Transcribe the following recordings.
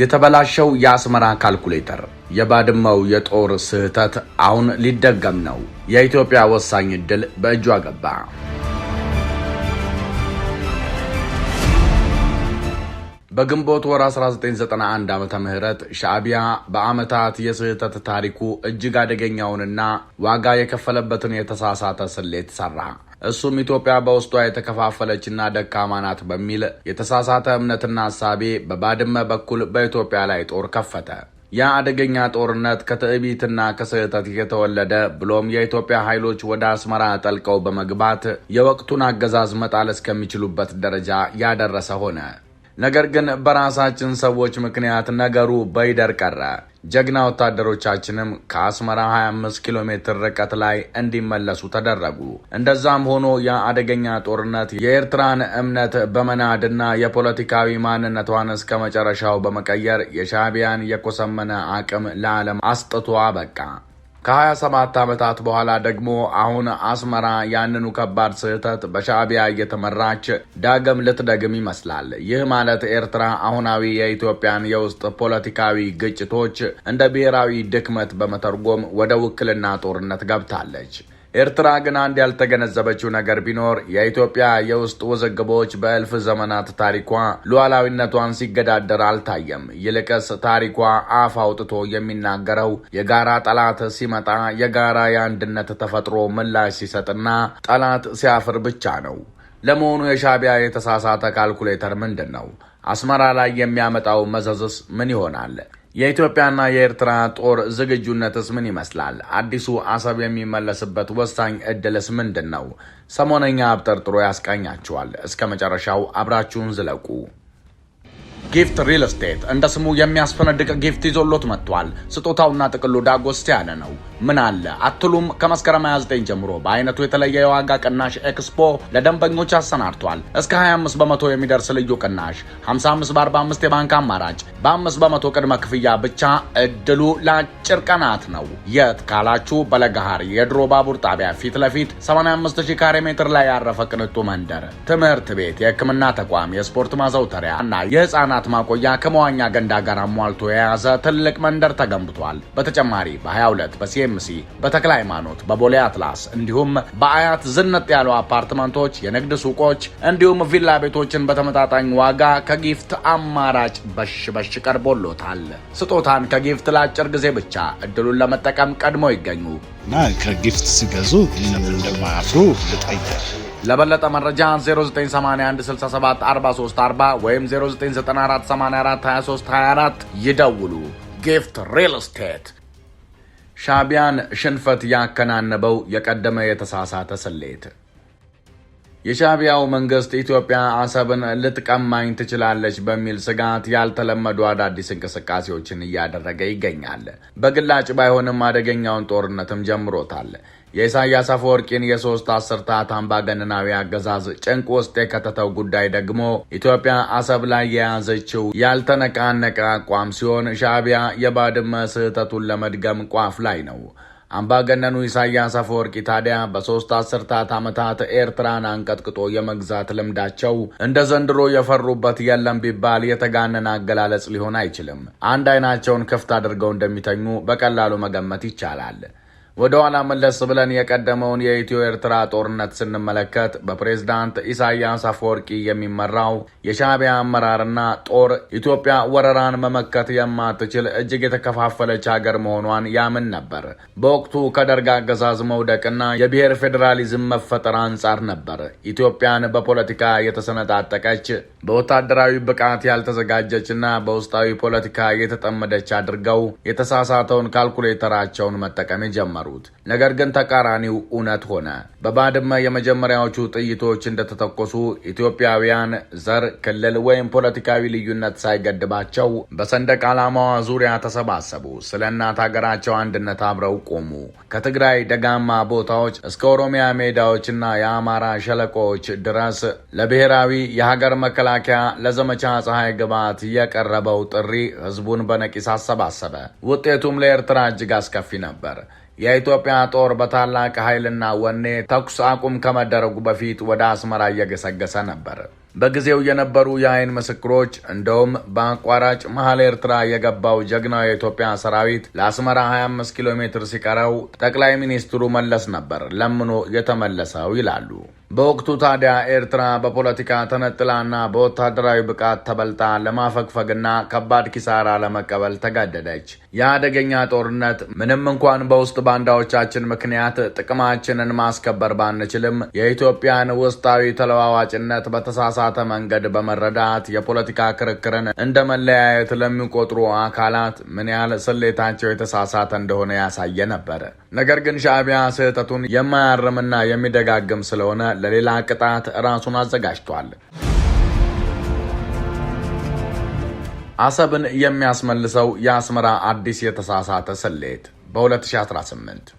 የተበላሸው የአስመራ ካልኩሌተር የባድመው የጦር ስህተት አሁን ሊደገም ነው። የኢትዮጵያ ወሳኝ ዕድል በእጇ ገባ። በግንቦት ወር 1991 ዓ ምህረት ሻዕቢያ በዓመታት የስህተት ታሪኩ እጅግ አደገኛውንና ዋጋ የከፈለበትን የተሳሳተ ስሌት ሰራ። እሱም ኢትዮጵያ በውስጧ የተከፋፈለችና ደካማ ናት በሚል የተሳሳተ እምነትና ሀሳቤ በባድመ በኩል በኢትዮጵያ ላይ ጦር ከፈተ። ያ አደገኛ ጦርነት ከትዕቢትና ከስህተት የተወለደ ብሎም የኢትዮጵያ ኃይሎች ወደ አስመራ ጠልቀው በመግባት የወቅቱን አገዛዝ መጣል እስከሚችሉበት ደረጃ ያደረሰ ሆነ። ነገር ግን በራሳችን ሰዎች ምክንያት ነገሩ በይደር ቀረ። ጀግና ወታደሮቻችንም ከአስመራ 25 ኪሎ ሜትር ርቀት ላይ እንዲመለሱ ተደረጉ። እንደዛም ሆኖ የአደገኛ ጦርነት የኤርትራን እምነት በመናድና የፖለቲካዊ ማንነቷን እስከ መጨረሻው በመቀየር የሻቢያን የኮሰመነ አቅም ለዓለም አስጥቶ አበቃ። ከ27 ዓመታት በኋላ ደግሞ አሁን አስመራ ያንኑ ከባድ ስህተት በሻዕቢያ እየተመራች ዳግም ልትደግም ይመስላል። ይህ ማለት ኤርትራ አሁናዊ የኢትዮጵያን የውስጥ ፖለቲካዊ ግጭቶች እንደ ብሔራዊ ድክመት በመተርጎም ወደ ውክልና ጦርነት ገብታለች። ኤርትራ ግን አንድ ያልተገነዘበችው ነገር ቢኖር የኢትዮጵያ የውስጥ ውዝግቦች በእልፍ ዘመናት ታሪኳ ሉዓላዊነቷን ሲገዳደር አልታየም። ይልቅስ ታሪኳ አፍ አውጥቶ የሚናገረው የጋራ ጠላት ሲመጣ የጋራ የአንድነት ተፈጥሮ ምላሽ ሲሰጥና ጠላት ሲያፍር ብቻ ነው። ለመሆኑ የሻቢያ የተሳሳተ ካልኩሌተር ምንድን ነው? አስመራ ላይ የሚያመጣው መዘዝስ ምን ይሆናል? የኢትዮጵያና የኤርትራ ጦር ዝግጁነትስ ምን ይመስላል? አዲሱ አሰብ የሚመለስበት ወሳኝ እድልስ ምንድን ነው? ሰሞነኛ አብጠርጥሮ ያስቃኛቸዋል። እስከ መጨረሻው አብራችሁን ዝለቁ። ጊፍት ሪል ስቴት እንደ ስሙ የሚያስፈነድቅ ጊፍት ይዞሎት መጥቷል። ስጦታውና ጥቅሉ ዳጎስት ያለ ነው። ምን አለ አትሉም? ከመስከረም 29 ጀምሮ በአይነቱ የተለየ የዋጋ ቅናሽ ኤክስፖ ለደንበኞች አሰናድቷል። እስከ 25 በመቶ የሚደርስ ልዩ ቅናሽ፣ 55 በ45 የባንክ አማራጭ፣ በ5 በመቶ ቅድመ ክፍያ ብቻ። እድሉ ለአጭር ቀናት ነው። የት ካላችሁ በለገሃር የድሮ ባቡር ጣቢያ ፊት ለፊት 85000 ካሬ ሜትር ላይ ያረፈ ቅንጡ መንደር፣ ትምህርት ቤት፣ የሕክምና ተቋም፣ የስፖርት ማዘውተሪያ እና የህፃናት ማቆያ ከመዋኛ ገንዳ ጋር አሟልቶ የያዘ ትልቅ መንደር ተገንብቷል። በተጨማሪ በ22 በሲኤም በጂኤምሲ፣ በተክለ ሃይማኖት፣ በቦሌ አትላስ እንዲሁም በአያት ዝንጥ ያሉ አፓርትመንቶች፣ የንግድ ሱቆች እንዲሁም ቪላ ቤቶችን በተመጣጣኝ ዋጋ ከጊፍት አማራጭ በሽ በሽ ቀርቦሎታል። ስጦታን ከጊፍት ለአጭር ጊዜ ብቻ እድሉን ለመጠቀም ቀድሞ ይገኙ እና ከጊፍት ሲገዙ እንደማያፍሩ ልጠይቅ። ለበለጠ መረጃ 0981674340 ወይም 0994842324 ይደውሉ። ጊፍት ሪል ስቴት ሻቢያን ሽንፈት ያከናነበው የቀደመ የተሳሳተ ስሌት። የሻቢያው መንግስት ኢትዮጵያ አሰብን ልትቀማኝ ትችላለች በሚል ስጋት ያልተለመዱ አዳዲስ እንቅስቃሴዎችን እያደረገ ይገኛል። በግላጭ ባይሆንም አደገኛውን ጦርነትም ጀምሮታል። የኢሳያስ አፈወርቂን የሶስት አስርታት አምባገነናዊ አገዛዝ ጭንቅ ውስጥ የከተተው ጉዳይ ደግሞ ኢትዮጵያ አሰብ ላይ የያዘችው ያልተነቃነቀ አቋም ሲሆን ሻዕቢያ የባድመ ስህተቱን ለመድገም ቋፍ ላይ ነው። አምባገነኑ ኢሳያስ አፈወርቂ ታዲያ በሶስት አስርታት ዓመታት ኤርትራን አንቀጥቅጦ የመግዛት ልምዳቸው እንደ ዘንድሮ የፈሩበት የለም ቢባል የተጋነነ አገላለጽ ሊሆን አይችልም። አንድ አይናቸውን ክፍት አድርገው እንደሚተኙ በቀላሉ መገመት ይቻላል። ወደ ኋላ መለስ ብለን የቀደመውን የኢትዮ ኤርትራ ጦርነት ስንመለከት በፕሬዝዳንት ኢሳያስ አፈወርቂ የሚመራው የሻቢያ አመራርና ጦር ኢትዮጵያ ወረራን መመከት የማትችል እጅግ የተከፋፈለች ሀገር መሆኗን ያምን ነበር። በወቅቱ ከደርግ አገዛዝ መውደቅና የብሔር ፌዴራሊዝም መፈጠር አንጻር ነበር ኢትዮጵያን በፖለቲካ የተሰነጣጠቀች በወታደራዊ ብቃት ያልተዘጋጀችና በውስጣዊ ፖለቲካ የተጠመደች አድርገው የተሳሳተውን ካልኩሌተራቸውን መጠቀም ጀመሩ። ተማሩት። ነገር ግን ተቃራኒው እውነት ሆነ። በባድመ የመጀመሪያዎቹ ጥይቶች እንደተተኮሱ ኢትዮጵያውያን ዘር፣ ክልል ወይም ፖለቲካዊ ልዩነት ሳይገድባቸው በሰንደቅ ዓላማዋ ዙሪያ ተሰባሰቡ። ስለ እናት ሀገራቸው አንድነት አብረው ቆሙ። ከትግራይ ደጋማ ቦታዎች እስከ ኦሮሚያ ሜዳዎችና የአማራ ሸለቆዎች ድረስ ለብሔራዊ የሀገር መከላከያ ለዘመቻ ፀሐይ ግባት የቀረበው ጥሪ ህዝቡን በነቂስ አሰባሰበ። ውጤቱም ለኤርትራ እጅግ አስከፊ ነበር። የኢትዮጵያ ጦር በታላቅ ኃይልና ወኔ ተኩስ አቁም ከመደረጉ በፊት ወደ አስመራ እየገሰገሰ ነበር። በጊዜው የነበሩ የአይን ምስክሮች እንደውም በአቋራጭ መሀል ኤርትራ የገባው ጀግናው የኢትዮጵያ ሰራዊት ለአስመራ 25 ኪሎ ሜትር ሲቀረው ጠቅላይ ሚኒስትሩ መለስ ነበር ለምኖ የተመለሰው ይላሉ። በወቅቱ ታዲያ ኤርትራ በፖለቲካ ተነጥላና በወታደራዊ ብቃት ተበልጣ ለማፈግፈግና ከባድ ኪሳራ ለመቀበል ተጋደደች። የአደገኛ ጦርነት ምንም እንኳን በውስጥ ባንዳዎቻችን ምክንያት ጥቅማችንን ማስከበር ባንችልም የኢትዮጵያን ውስጣዊ ተለዋዋጭነት በተሳሳተ መንገድ በመረዳት የፖለቲካ ክርክርን እንደ መለያየት ለሚቆጥሩ አካላት ምን ያህል ስሌታቸው የተሳሳተ እንደሆነ ያሳየ ነበር። ነገር ግን ሻዕቢያ ስህተቱን የማያርምና የሚደጋግም ስለሆነ ለሌላ ቅጣት ራሱን አዘጋጅቷል። አሰብን የሚያስመልሰው የአስመራ አዲስ የተሳሳተ ስሌት በ2018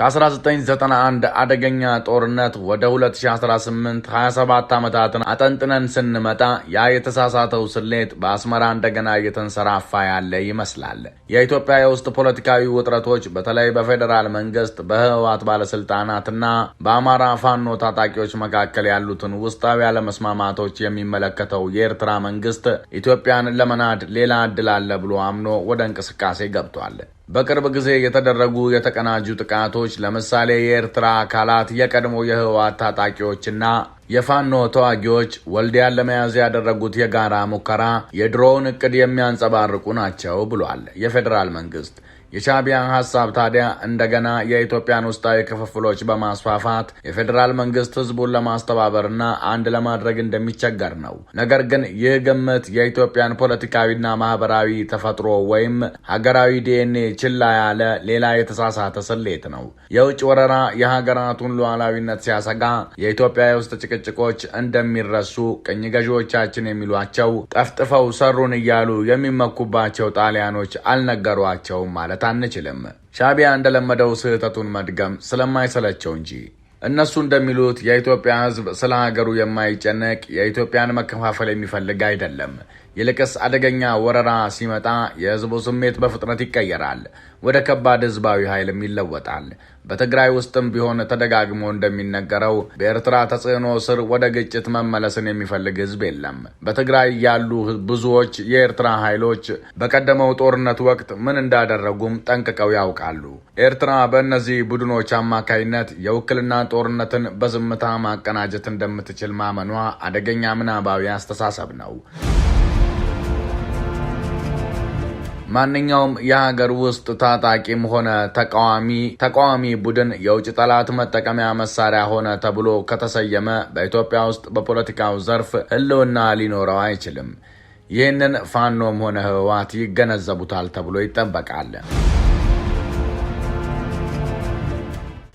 ከ1991 አደገኛ ጦርነት ወደ 2018 27 ዓመታትን አጠንጥነን ስንመጣ ያ የተሳሳተው ስሌት በአስመራ እንደገና እየተንሰራፋ ያለ ይመስላል። የኢትዮጵያ የውስጥ ፖለቲካዊ ውጥረቶች በተለይ በፌዴራል መንግስት፣ በህወሓት ባለስልጣናትና በአማራ ፋኖ ታጣቂዎች መካከል ያሉትን ውስጣዊ አለመስማማቶች የሚመለከተው የኤርትራ መንግስት ኢትዮጵያን ለመናድ ሌላ እድል አለ ብሎ አምኖ ወደ እንቅስቃሴ ገብቷል። በቅርብ ጊዜ የተደረጉ የተቀናጁ ጥቃቶች ለምሳሌ የኤርትራ አካላት የቀድሞ የህወሓት ታጣቂዎችና የፋኖ ተዋጊዎች ወልዲያን ለመያዝ ያደረጉት የጋራ ሙከራ የድሮውን እቅድ የሚያንጸባርቁ ናቸው ብሏል የፌዴራል መንግስት። የሻቢያ ሀሳብ ታዲያ እንደገና የኢትዮጵያን ውስጣዊ ክፍፍሎች በማስፋፋት የፌዴራል መንግስት ህዝቡን ለማስተባበርና አንድ ለማድረግ እንደሚቸገር ነው። ነገር ግን ይህ ግምት የኢትዮጵያን ፖለቲካዊና ማህበራዊ ተፈጥሮ ወይም ሀገራዊ ዲኤንኤ ችላ ያለ ሌላ የተሳሳተ ስሌት ነው። የውጭ ወረራ የሀገራቱን ሉዓላዊነት ሲያሰጋ የኢትዮጵያ የውስጥ ጭቅጭ ጭቅጭቆች እንደሚረሱ ቅኝ ገዢዎቻችን የሚሏቸው ጠፍጥፈው ሰሩን እያሉ የሚመኩባቸው ጣሊያኖች አልነገሯቸውም ማለት አንችልም። ሻቢያ እንደለመደው ስህተቱን መድገም ስለማይሰለቸው እንጂ እነሱ እንደሚሉት የኢትዮጵያ ሕዝብ ስለ ሀገሩ የማይጨነቅ የኢትዮጵያን መከፋፈል የሚፈልግ አይደለም። ይልቅስ አደገኛ ወረራ ሲመጣ የህዝቡ ስሜት በፍጥነት ይቀየራል፣ ወደ ከባድ ህዝባዊ ኃይልም ይለወጣል። በትግራይ ውስጥም ቢሆን ተደጋግሞ እንደሚነገረው በኤርትራ ተጽዕኖ ስር ወደ ግጭት መመለስን የሚፈልግ ህዝብ የለም። በትግራይ ያሉ ብዙዎች የኤርትራ ኃይሎች በቀደመው ጦርነት ወቅት ምን እንዳደረጉም ጠንቅቀው ያውቃሉ። ኤርትራ በእነዚህ ቡድኖች አማካይነት የውክልና ጦርነትን በዝምታ ማቀናጀት እንደምትችል ማመኗ አደገኛ ምናባዊ አስተሳሰብ ነው። ማንኛውም የሀገር ውስጥ ታጣቂም ሆነ ተቃዋሚ ተቃዋሚ ቡድን የውጭ ጠላት መጠቀሚያ መሳሪያ ሆነ ተብሎ ከተሰየመ በኢትዮጵያ ውስጥ በፖለቲካው ዘርፍ ህልውና ሊኖረው አይችልም። ይህንን ፋኖም ሆነ ህወሓት ይገነዘቡታል ተብሎ ይጠበቃል።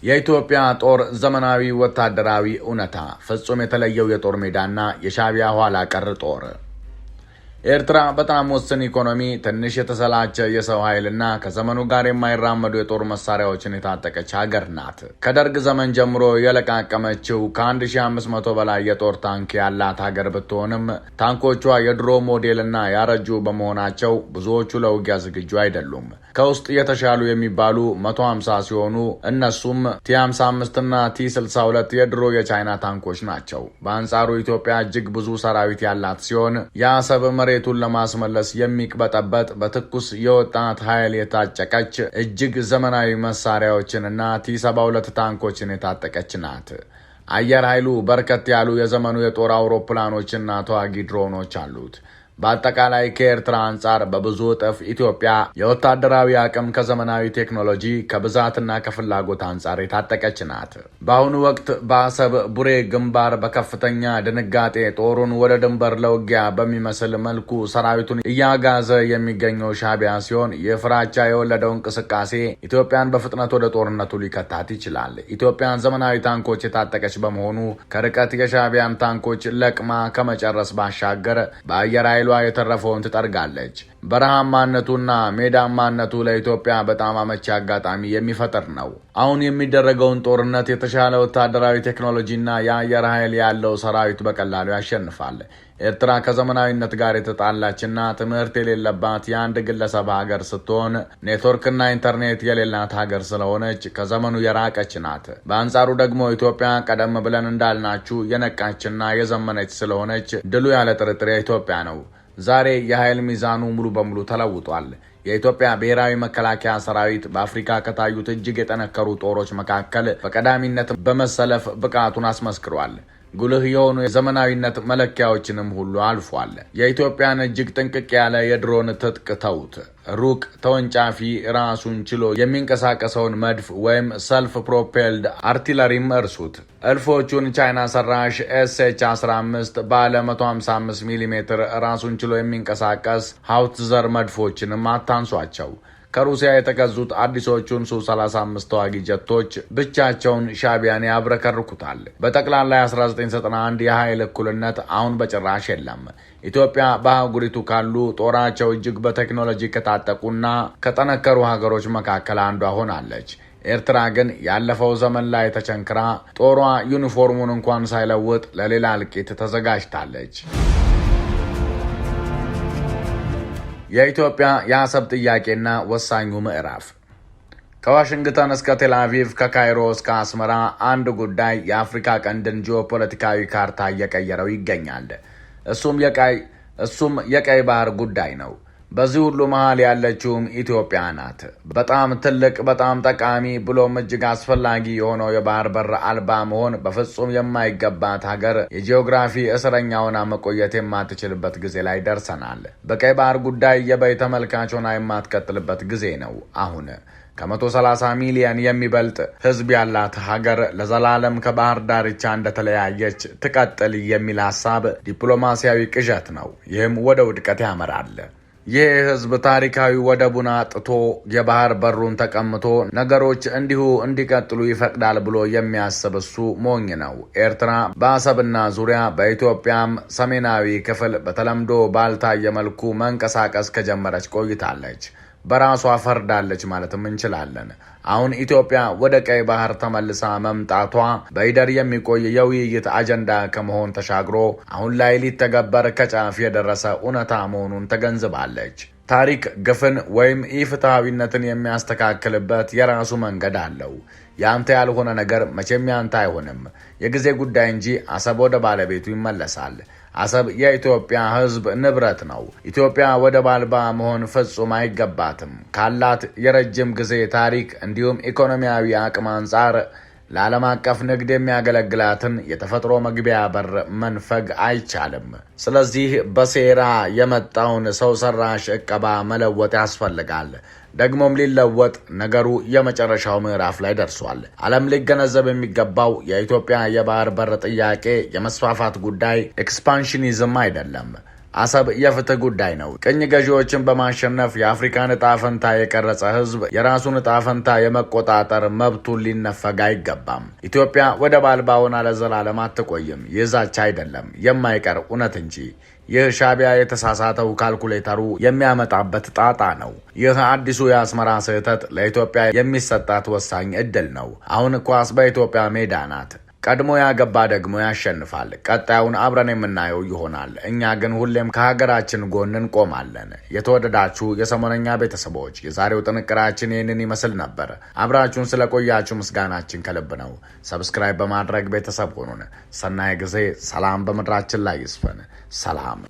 የኢትዮጵያ ጦር ዘመናዊ ወታደራዊ እውነታ ፍጹም የተለየው የጦር ሜዳና የሻቢያ ኋላ ቀር ጦር ኤርትራ በጣም ውስን ኢኮኖሚ፣ ትንሽ የተሰላቸ የሰው ኃይልና ከዘመኑ ጋር የማይራመዱ የጦር መሳሪያዎችን የታጠቀች ሀገር ናት። ከደርግ ዘመን ጀምሮ የለቃቀመችው ከ1500 በላይ የጦር ታንክ ያላት ሀገር ብትሆንም ታንኮቿ የድሮ ሞዴልና ያረጁ በመሆናቸው ብዙዎቹ ለውጊያ ዝግጁ አይደሉም። ከውስጥ የተሻሉ የሚባሉ 150 ሲሆኑ እነሱም ቲ55 እና ቲ62 የድሮ የቻይና ታንኮች ናቸው። በአንጻሩ ኢትዮጵያ እጅግ ብዙ ሰራዊት ያላት ሲሆን የአሰብ መሬቱን ለማስመለስ የሚቅበጠበጥ በትኩስ የወጣት ኃይል የታጨቀች እጅግ ዘመናዊ መሳሪያዎችን እና ቲ72 ታንኮችን የታጠቀች ናት። አየር ኃይሉ በርከት ያሉ የዘመኑ የጦር አውሮፕላኖችና ተዋጊ ድሮኖች አሉት። በአጠቃላይ ከኤርትራ አንጻር በብዙ እጥፍ ኢትዮጵያ የወታደራዊ አቅም ከዘመናዊ ቴክኖሎጂ ከብዛትና ከፍላጎት አንጻር የታጠቀች ናት። በአሁኑ ወቅት በአሰብ ቡሬ ግንባር በከፍተኛ ድንጋጤ ጦሩን ወደ ድንበር ለውጊያ በሚመስል መልኩ ሰራዊቱን እያጋዘ የሚገኘው ሻቢያ ሲሆን የፍራቻ የወለደው እንቅስቃሴ ኢትዮጵያን በፍጥነት ወደ ጦርነቱ ሊከታት ይችላል። ኢትዮጵያን ዘመናዊ ታንኮች የታጠቀች በመሆኑ ከርቀት የሻቢያን ታንኮች ለቅማ ከመጨረስ ባሻገር በአየር ኃይል ኃይሏ የተረፈውን ትጠርጋለች። በረሃማነቱና ሜዳማነቱ ለኢትዮጵያ በጣም አመቺ አጋጣሚ የሚፈጥር ነው። አሁን የሚደረገውን ጦርነት የተሻለ ወታደራዊ ቴክኖሎጂና የአየር ኃይል ያለው ሰራዊት በቀላሉ ያሸንፋል። ኤርትራ ከዘመናዊነት ጋር የተጣላችና ትምህርት የሌለባት የአንድ ግለሰብ ሀገር ስትሆን ኔትወርክና ኢንተርኔት የሌላት ሀገር ስለሆነች ከዘመኑ የራቀች ናት። በአንጻሩ ደግሞ ኢትዮጵያ ቀደም ብለን እንዳልናችሁ የነቃችና የዘመነች ስለሆነች ድሉ ያለ ጥርጥር የኢትዮጵያ ነው። ዛሬ የኃይል ሚዛኑ ሙሉ በሙሉ ተለውጧል። የኢትዮጵያ ብሔራዊ መከላከያ ሰራዊት በአፍሪካ ከታዩት እጅግ የጠነከሩ ጦሮች መካከል በቀዳሚነት በመሰለፍ ብቃቱን አስመስክሯል። ጉልህ የሆኑ የዘመናዊነት መለኪያዎችንም ሁሉ አልፏል። የኢትዮጵያን እጅግ ጥንቅቅ ያለ የድሮን ትጥቅ ተውት። ሩቅ ተወንጫፊ ራሱን ችሎ የሚንቀሳቀሰውን መድፍ ወይም ሰልፍ ፕሮፔልድ አርቲለሪም እርሱት። እልፎቹን ቻይና ሰራሽ ኤስኤች 15 ባለ 155 ሚሜ ራሱን ችሎ የሚንቀሳቀስ ሀውትዘር መድፎችንም አታንሷቸው። ከሩሲያ የተገዙት አዲሶቹን ሱ35 ተዋጊ ጀቶች ብቻቸውን ሻቢያን ያብረከርኩታል። በጠቅላላ 1991 የኃይል እኩልነት አሁን በጭራሽ የለም። ኢትዮጵያ በአህጉሪቱ ካሉ ጦራቸው እጅግ በቴክኖሎጂ ከታጠቁና ከጠነከሩ ሀገሮች መካከል አንዷ ሆናለች። ኤርትራ ግን ያለፈው ዘመን ላይ ተቸንክራ ጦሯ ዩኒፎርሙን እንኳን ሳይለውጥ ለሌላ እልቂት ተዘጋጅታለች። የኢትዮጵያ የአሰብ ጥያቄና ወሳኙ ምዕራፍ ከዋሽንግተን እስከ ቴልአቪቭ ከካይሮ እስከ አስመራ አንድ ጉዳይ የአፍሪካ ቀንድን ጂኦፖለቲካዊ ካርታ እየቀየረው ይገኛል። እሱም የቀይ ባህር ጉዳይ ነው። በዚህ ሁሉ መሃል ያለችውም ኢትዮጵያ ናት። በጣም ትልቅ በጣም ጠቃሚ ብሎም እጅግ አስፈላጊ የሆነው የባህር በር አልባ መሆን በፍጹም የማይገባት ሀገር የጂኦግራፊ እስረኛ ሆና መቆየት የማትችልበት ጊዜ ላይ ደርሰናል። በቀይ ባህር ጉዳይ የበይ ተመልካች ሆና የማትቀጥልበት ጊዜ ነው አሁን። ከ130 ሚሊዮን የሚበልጥ ህዝብ ያላት ሀገር ለዘላለም ከባህር ዳርቻ እንደተለያየች ትቀጥል የሚል ሀሳብ ዲፕሎማሲያዊ ቅዠት ነው። ይህም ወደ ውድቀት ያመራል። ይህ ህዝብ ታሪካዊ ወደቡን አጥቶ የባህር በሩን ተቀምቶ ነገሮች እንዲሁ እንዲቀጥሉ ይፈቅዳል ብሎ የሚያስብ እሱ ሞኝ ነው። ኤርትራ በአሰብና ዙሪያ በኢትዮጵያም ሰሜናዊ ክፍል በተለምዶ ባልታየ መልኩ መንቀሳቀስ ከጀመረች ቆይታለች። በራሷ ፈርዳለች ማለትም እንችላለን። አሁን ኢትዮጵያ ወደ ቀይ ባህር ተመልሳ መምጣቷ በኢደር የሚቆይ የውይይት አጀንዳ ከመሆን ተሻግሮ አሁን ላይ ሊተገበር ከጫፍ የደረሰ እውነታ መሆኑን ተገንዝባለች። ታሪክ ግፍን ወይም ኢፍትሐዊነትን የሚያስተካክልበት የራሱ መንገድ አለው። የአንተ ያልሆነ ነገር መቼም ያንተ አይሆንም። የጊዜ ጉዳይ እንጂ አሰብ ወደ ባለቤቱ ይመለሳል። አሰብ የኢትዮጵያ ሕዝብ ንብረት ነው። ኢትዮጵያ ወደብ አልባ መሆን ፍጹም አይገባትም። ካላት የረጅም ጊዜ ታሪክ እንዲሁም ኢኮኖሚያዊ አቅም አንጻር ለዓለም አቀፍ ንግድ የሚያገለግላትን የተፈጥሮ መግቢያ በር መንፈግ አይቻልም። ስለዚህ በሴራ የመጣውን ሰው ሰራሽ ዕቀባ መለወጥ ያስፈልጋል። ደግሞም ሊለወጥ ነገሩ የመጨረሻው ምዕራፍ ላይ ደርሷል። ዓለም ሊገነዘብ የሚገባው የኢትዮጵያ የባህር በር ጥያቄ የመስፋፋት ጉዳይ ኤክስፓንሽኒዝም አይደለም። አሰብ የፍትህ ጉዳይ ነው። ቅኝ ገዢዎችን በማሸነፍ የአፍሪካን እጣ ፈንታ የቀረጸ ሕዝብ የራሱን እጣ ፈንታ የመቆጣጠር መብቱን ሊነፈግ አይገባም። ኢትዮጵያ ወደብ አልባ ሆና ለዘላለም አትቆይም። ይዛች አይደለም፣ የማይቀር እውነት እንጂ ሻቢያ የተሳሳተው ካልኩሌተሩ የሚያመጣበት ጣጣ ነው። ይህ አዲሱ የአስመራ ስህተት ለኢትዮጵያ የሚሰጣት ወሳኝ እድል ነው። አሁን ኳስ በኢትዮጵያ ሜዳ ናት። ቀድሞ ያገባ ደግሞ ያሸንፋል። ቀጣዩን አብረን የምናየው ይሆናል። እኛ ግን ሁሌም ከሀገራችን ጎን እንቆማለን። የተወደዳችሁ የሰሞነኛ ቤተሰቦች የዛሬው ጥንቅራችን ይህንን ይመስል ነበር። አብራችሁን ስለቆያችሁ ምስጋናችን ከልብ ነው። ሰብስክራይብ በማድረግ ቤተሰብ ሆኑን። ሰናይ ጊዜ። ሰላም በምድራችን ላይ ይስፈን። ሰላም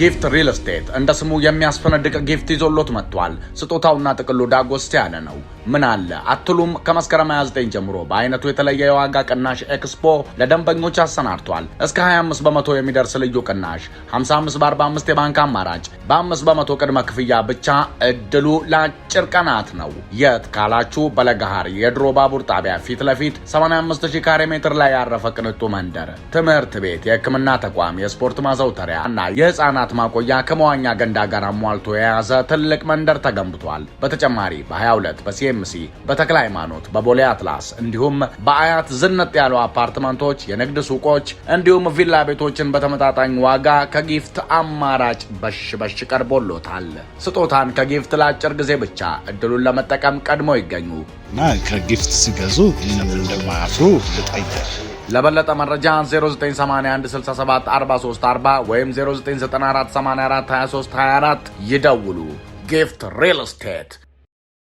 ጊፍት ሪል ስቴት እንደ ስሙ የሚያስፈነድቅ ጊፍት ይዞሎት መጥቷል። ስጦታውና ጥቅሉ ዳጎስ ያለ ነው። ምን አለ አትሉም? ከመስከረም 29 ጀምሮ በአይነቱ የተለየ የዋጋ ቅናሽ ኤክስፖ ለደንበኞች አሰናድቷል። እስከ 25 በመቶ የሚደርስ ልዩ ቅናሽ፣ 55 በ45 የባንክ አማራጭ በ5 በመቶ ቅድመ ክፍያ ብቻ። እድሉ ለአጭር ቀናት ነው። የት ካላችሁ በለገሃር የድሮ ባቡር ጣቢያ ፊት ለፊት 85000 ካሬ ሜትር ላይ ያረፈ ቅንጡ መንደር፣ ትምህርት ቤት፣ የህክምና ተቋም፣ የስፖርት ማዘውተሪያ እና የህፃናት ህጻናት ማቆያ ከመዋኛ ገንዳ ጋር አሟልቶ የያዘ ትልቅ መንደር ተገንብቷል። በተጨማሪ በ22 በሲኤምሲ በተክለ ሃይማኖት፣ በቦሌ አትላስ እንዲሁም በአያት ዝንጥ ያሉ አፓርትመንቶች፣ የንግድ ሱቆች እንዲሁም ቪላ ቤቶችን በተመጣጣኝ ዋጋ ከጊፍት አማራጭ በሽ በሽ ቀርቦሎታል። ስጦታን ከጊፍት ለአጭር ጊዜ ብቻ እድሉን ለመጠቀም ቀድሞ ይገኙ እና ከጊፍት ሲገዙ ምንም እንደማያፍሩ ልጠይቅ ለበለጠ መረጃ 0981674340 ወይም 0994842324 ይደውሉ። ጊፍት ሪል ስቴት